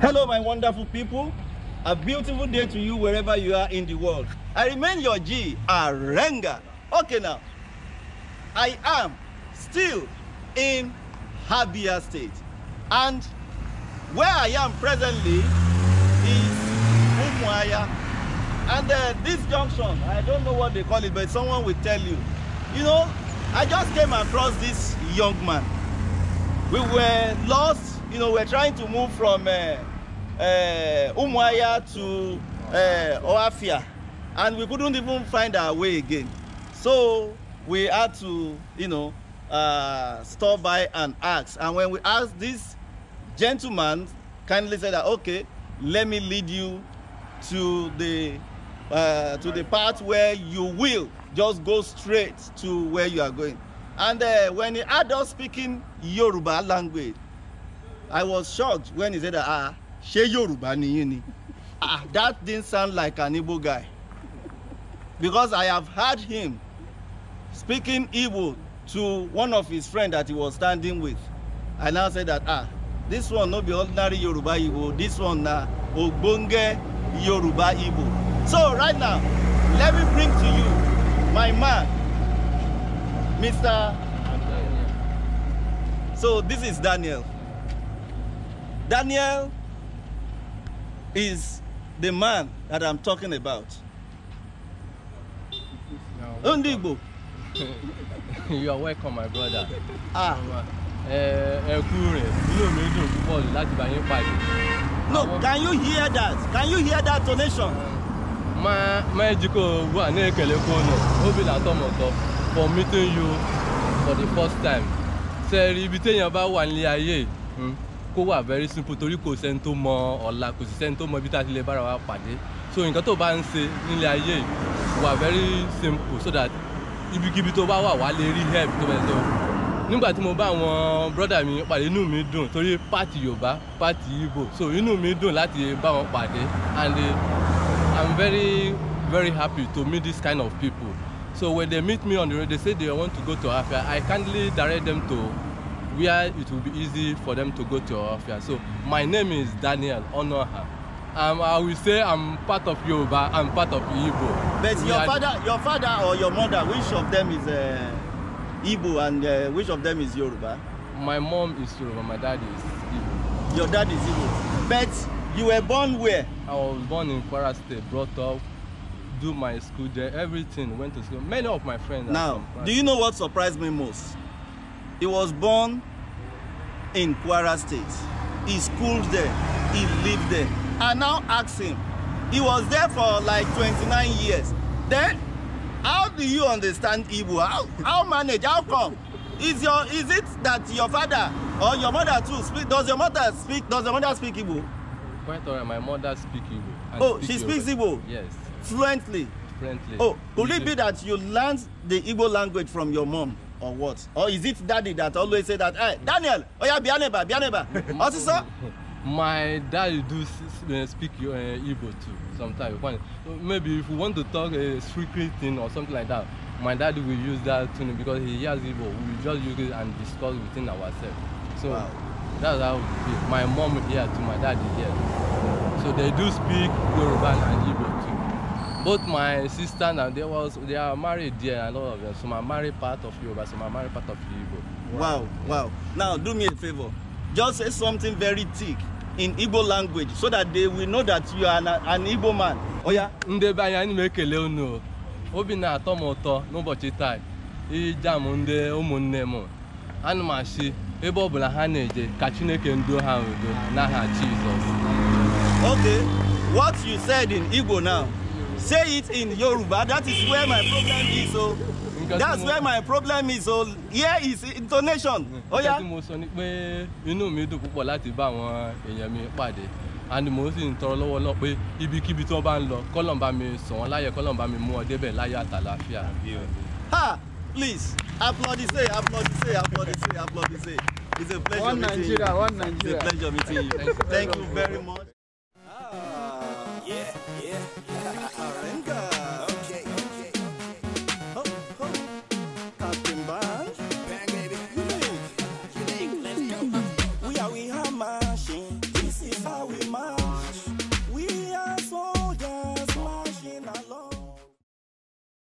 Hello, my wonderful people. A beautiful day to you wherever you are in the world. I remain your G, Arenga. Okay now, I am still in Habia State. And where I am presently is Umuaya. And uh, this junction, I don't know what they call it, but someone will tell you. You know, I just came across this young man. We were lost, you know, we are trying to move from... Uh, Eh, Umuaya to eh, Oafia, and we couldn't even find our way again. So we had to, you know, uh, stop by and ask. And when we asked this gentleman, kindly said that, okay, let me lead you to the uh, to the part where you will just go straight to where you are going. And uh, when he had us speaking Yoruba language, I was shocked when he said that, ah, ṣé yorùbá nìyí ni ah that didn't sound like an igbo guy because i have heard him speaking igbo to one of his friend that he was standing with i now say that ah this one no be ordinary yoruba igbo this one na ogbonge yoruba igbo so right now let me bring to you my man mr so this is daniel daniel is the man that I'm talking about. Ndigbo. you are welcome my brother. Ah. Ẹ kú rẹ̀, inú mi dùn púpọ̀ láti bá yín pàdé. No, can you hear that? Can you hear that donation? Ma ma ejiko ugbu a na-ekele konu, obi na for meeting you for the first time. Ṣé ibi téèyàn bá wà nílé ayé? Hmm? kó wà very simple torí kò sẹ́ni tó mọ ọ̀la kò sì sẹ́ni tó mọ ibi tá a ti lè bára wa pàdé so nǹkan tó bá ń ṣe nílé ayé wà very simple so that ibikíbi tó bá wà wà lè rí help tó bẹ́ẹ̀ tó nígbà tí mo bá àwọn brọ́dà mi pàdé inú mi dùn torí pàtì Yorùbá pàtì Igbo so inú mi dùn láti bá wọn pàdé and uh, I'm very very happy to meet this kind of people so when they meet me on the road they say they want to go to Afia I kindly direct them to where it will be easy for them to go to Orofia. So my name is Daniel Onoha. Um, I will say I'm part of Yoruba, I'm part of Igbo. But we your are... father, your father or your mother, which of them is uh, Igbo and uh, which of them is Yoruba? My mom is Yoruba, my dad is Igbo. Your dad is Igbo. But you were born where? I was born in Kwara State, brought up, do my school there, everything, went to school. Many of my friends Now, do you know what surprised me most? He was born in Kwara State. He schooled there. He lived there. I now ask him, he was there for like 29 years. Then, how do you understand Igbo? How, how manage? How come? Is, your, is it that your father or your mother too speak? Does your mother speak? Does your mother speak Igbo? Quite alright. My mother speaks Igbo. Oh, speak she speaks Igbo. Yes. Fluently. Fluently. Oh, could it be that you learned the Igbo language from your mom? or what? Or is it daddy that always say that, hey, Daniel, oh yeah, be neighbor, be neighbor. What's My dad do uh, speak uh, Igbo too sometimes. Maybe if we want to talk a secret thing or something like that, my dad will use that tune because he hears Igbo. We just use it and discuss within ourselves. So wow. that's how it is. My mom here to my dad here. So they do speak Yoruba and Igbo too both my sister and they was they are married there and all of them So are married part of Yoruba some are married part of Igbo. wow wow, yeah. now do me a favor. just say something very thick in Igbo language so that they will know that you are an, an Igbo man. oya oh, ndị be anyị anyị na-ekele obi na-atọ m no n'ụbọchị taa ija m ndị ụmụnne m ana m asị ebe ọbụla ha na-eje ka Chineke nduo ha Jesus. okay what you said in Igbo now say it in Yoruba. That is where my problem is. So oh. that's where my problem is. So oh. here is intonation. Mm. Oh yeah. tí mo sọ ni pé inú mi dùn púpọ̀ láti bá àwọn èèyàn mi pàdé and mo sì ń tọrọ lọ́wọ́ náà pé ibikíbi tí wọ́n bá ń lọ kọ́lọ̀ bá mi sàn wọ́n láyẹ̀ kọ́lọ̀ bá mi mú wọn débẹ̀ láyọ̀ àtàlàáfíà. ha please applaudissez applaudissez applaudissez applaudissez it's a pleasure meeting Nigeria, it's a pleasure meeting you thank you very much.